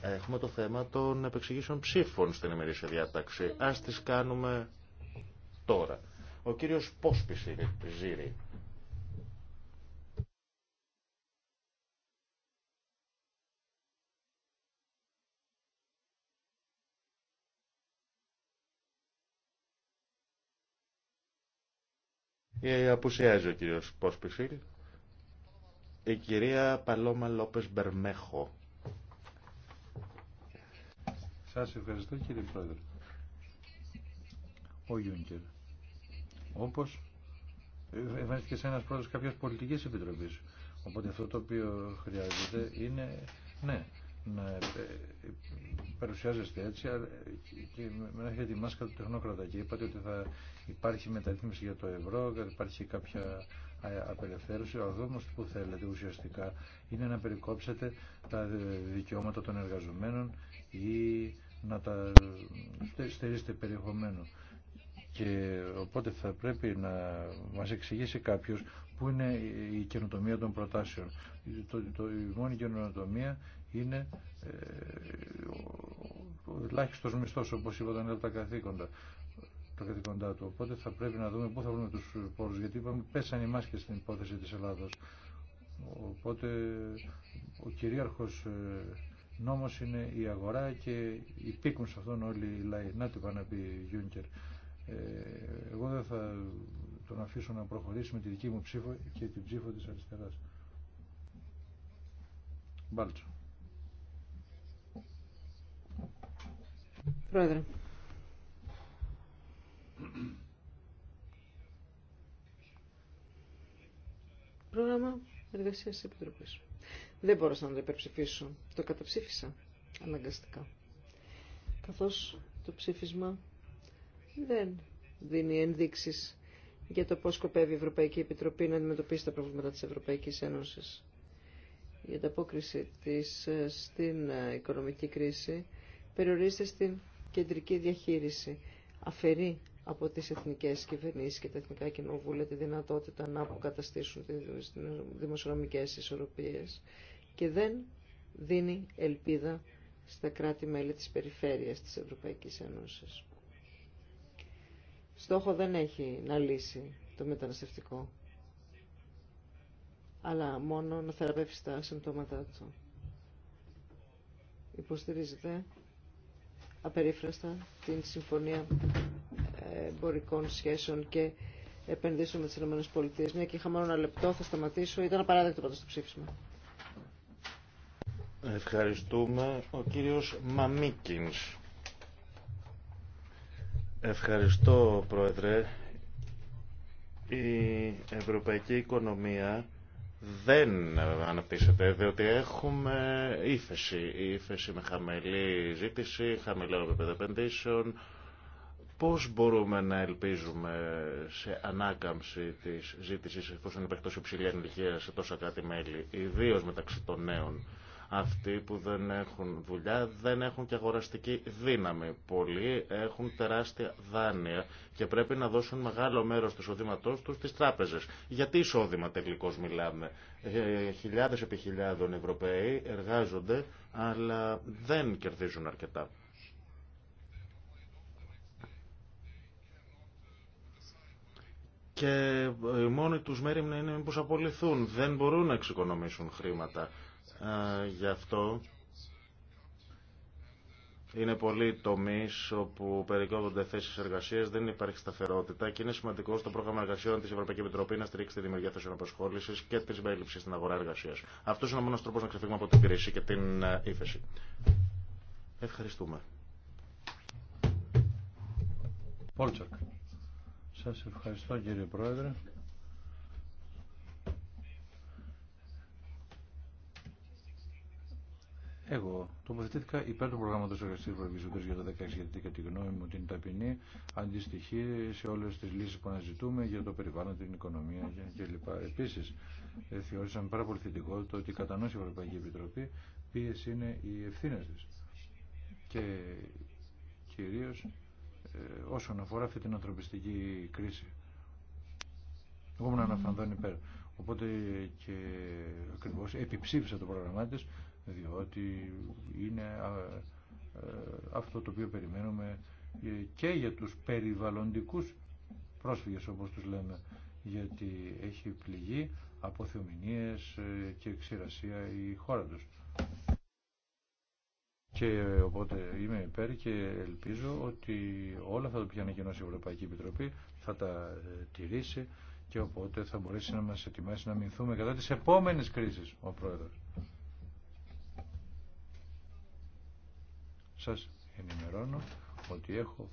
Έχουμε το θέμα των επεξηγήσεων ψήφων στην ημερήσια διάταξη. Ας τις κάνουμε τώρα. Ο κύριος Πόσπισιλ ζήρη. Ε, απουσιάζει ο κύριος Πόσπισιλ. Η κυρία Παλώμα Λόπες Μπερμέχο. Σα ευχαριστώ κύριε Πρόεδρε. Ο Γιούνκερ. Όπως εμφανίστηκε σε ένα πρόεδρος κάποια πολιτική επιτροπή, Οπότε αυτό το οποίο χρειάζεται είναι, ναι, να ε, παρουσιάζεστε έτσι και με να έχετε τη μάσκα του τεχνόκρατα και είπατε ότι θα υπάρχει μεταρρύθμιση για το ευρώ, θα υπάρχει κάποια απελευθέρωση. Ο δρόμος που θέλετε ουσιαστικά είναι να περικόψετε τα δικαιώματα των εργαζομένων ή να τα στερήσετε περιεχομένου. Και οπότε θα πρέπει να μας εξηγήσει κάποιος που είναι η καινοτομία των προτάσεων. Το, το, η μόνη καινοτομία είναι ε, ο ελάχιστος μισθός, όπως είπα, τα καθήκοντα τα καθήκοντά του. Οπότε θα πρέπει να δούμε πού θα βρούμε τους πόρους, γιατί είπαμε πέσαν οι μάσκες στην υπόθεση της Ελλάδος. Οπότε ο κυρίαρχος ε, νόμος είναι η αγορά και υπήκουν σε αυτόν όλοι οι λαοί. Να του να πει Γιούνκερ. Ε, εγώ δεν θα τον αφήσω να προχωρήσει με τη δική μου ψήφο και την ψήφο της αριστεράς. Μπάλτσο. Πρόεδρε. Πρόγραμμα εργασίας της Επιτροπής. Δεν μπόρεσα να το υπερψηφίσω. Το καταψήφισα αναγκαστικά. Καθώς το ψήφισμα δεν δίνει ενδείξεις για το πώς σκοπεύει η Ευρωπαϊκή Επιτροπή να αντιμετωπίσει τα προβλήματα της Ευρωπαϊκής Ένωσης. Η ανταπόκριση της ε, στην ε, οικονομική κρίση περιορίζεται στην κεντρική διαχείριση. Αφαιρεί από τις εθνικές κυβερνήσεις και τα εθνικά κοινοβούλια τη δυνατότητα να αποκαταστήσουν τις δημοσιονομικές ισορροπίες και δεν δίνει ελπίδα στα κράτη-μέλη της περιφέρειας της Ευρωπαϊκής Ένωσης. Στόχο δεν έχει να λύσει το μεταναστευτικό, αλλά μόνο να θεραπεύσει τα συμπτώματά του. Υποστηρίζεται απερίφραστα την συμφωνία εμπορικών σχέσεων και επενδύσεων με τι ΗΠΑ. Μια και είχα μόνο ένα λεπτό, θα σταματήσω. Ήταν απαράδεκτο πάντω το ψήφισμα. Ευχαριστούμε. Ο κύριος Μαμίκινς. Ευχαριστώ, Πρόεδρε. Η ευρωπαϊκή οικονομία δεν αναπτύσσεται, διότι έχουμε ύφεση. Η ύφεση με χαμηλή ζήτηση, χαμηλό επίπεδο επενδύσεων, Πώς μπορούμε να ελπίζουμε σε ανάκαμψη της ζήτησης εφόσον υπάρχει τόσο υψηλή ανηλικία σε τόσα κάτι μέλη, ιδίως μεταξύ των νέων. Αυτοί που δεν έχουν δουλειά δεν έχουν και αγοραστική δύναμη. Πολλοί έχουν τεράστια δάνεια και πρέπει να δώσουν μεγάλο μέρος του εισοδήματό τους στις τράπεζες. Γιατί εισόδημα τελικώς μιλάμε. Ε, χιλιάδες επί χιλιάδων Ευρωπαίοι εργάζονται αλλά δεν κερδίζουν αρκετά. και η ε, μόνη τους μέρημνα είναι μήπως απολυθούν. Δεν μπορούν να εξοικονομήσουν χρήματα. Ε, γι' αυτό είναι πολλοί τομεί όπου περικόπτονται θέσει εργασία, δεν υπάρχει σταθερότητα και είναι σημαντικό στο πρόγραμμα εργασιών τη Ευρωπαϊκή Επιτροπή να στηρίξει τη δημιουργία θέσεων απασχόληση και τη συμπερίληψη στην αγορά εργασία. Αυτό είναι ο μόνο τρόπο να ξεφύγουμε από την κρίση και την ε, ύφεση. Ευχαριστούμε. Σας ευχαριστώ κύριε Πρόεδρε. Εγώ τοποθετήθηκα υπέρ του προγράμματο εργασία Ευρωπαϊκή για το 2016 γιατί κατά τη γνώμη μου την ταπεινή αντιστοιχεί σε όλε τι λύσει που αναζητούμε για το περιβάλλον, την οικονομία κλπ. Επίση, ε, θεώρησαμε πάρα πολύ θετικό το ότι κατανόησε η Ευρωπαϊκή Επιτροπή ποιε είναι οι ευθύνε τη. Και κυρίω ε, όσον αφορά αυτή την ανθρωπιστική κρίση. Εγώ να αναφανδόν υπέρ. Οπότε και ακριβώ επιψήφισα το πρόγραμμά τη, διότι είναι ε, ε, αυτό το οποίο περιμένουμε και για τους περιβαλλοντικούς πρόσφυγες όπως τους λέμε, γιατί έχει πληγεί από και ξηρασία η χώρα τους. Και οπότε είμαι υπέρ και ελπίζω ότι όλα αυτά το πιάνει ανακοινώσει η Ευρωπαϊκή Επιτροπή θα τα ε, τηρήσει και οπότε θα μπορέσει να μας ετοιμάσει να μηνθούμε κατά τις επόμενες κρίσεις ο Πρόεδρος. Σας ενημερώνω ότι έχω